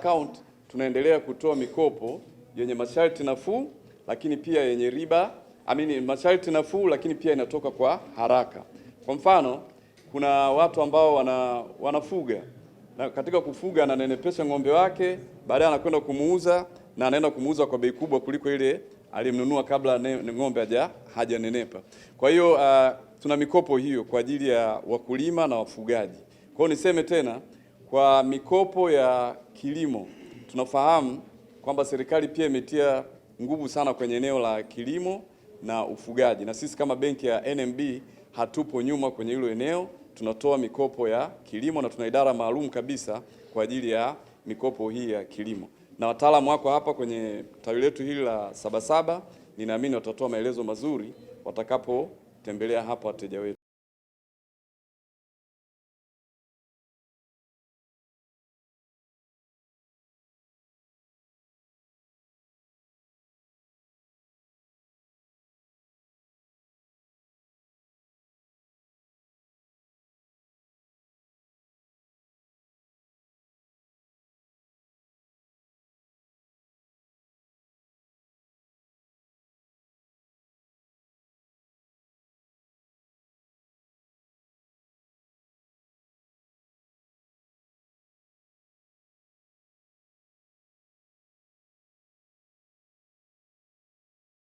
Account tunaendelea kutoa mikopo yenye masharti nafuu, lakini pia yenye riba amini, masharti nafuu, lakini pia inatoka kwa haraka. Kwa mfano, kuna watu ambao wana, wanafuga na katika kufuga ananenepesha ng'ombe wake, baadaye anakwenda kumuuza na anaenda kumuuza kwa bei kubwa kuliko ile alimnunua kabla ne, ng'ombe haja hajanenepa. Kwa hiyo uh, tuna mikopo hiyo kwa ajili ya wakulima na wafugaji. Kwa hiyo niseme tena kwa mikopo ya kilimo, tunafahamu kwamba serikali pia imetia nguvu sana kwenye eneo la kilimo na ufugaji, na sisi kama benki ya NMB hatupo nyuma kwenye hilo eneo. Tunatoa mikopo ya kilimo na tuna idara maalum kabisa kwa ajili ya mikopo hii ya kilimo, na wataalamu wako hapa kwenye tawi letu hili la Sabasaba. Ninaamini watatoa maelezo mazuri watakapotembelea hapa wateja wetu.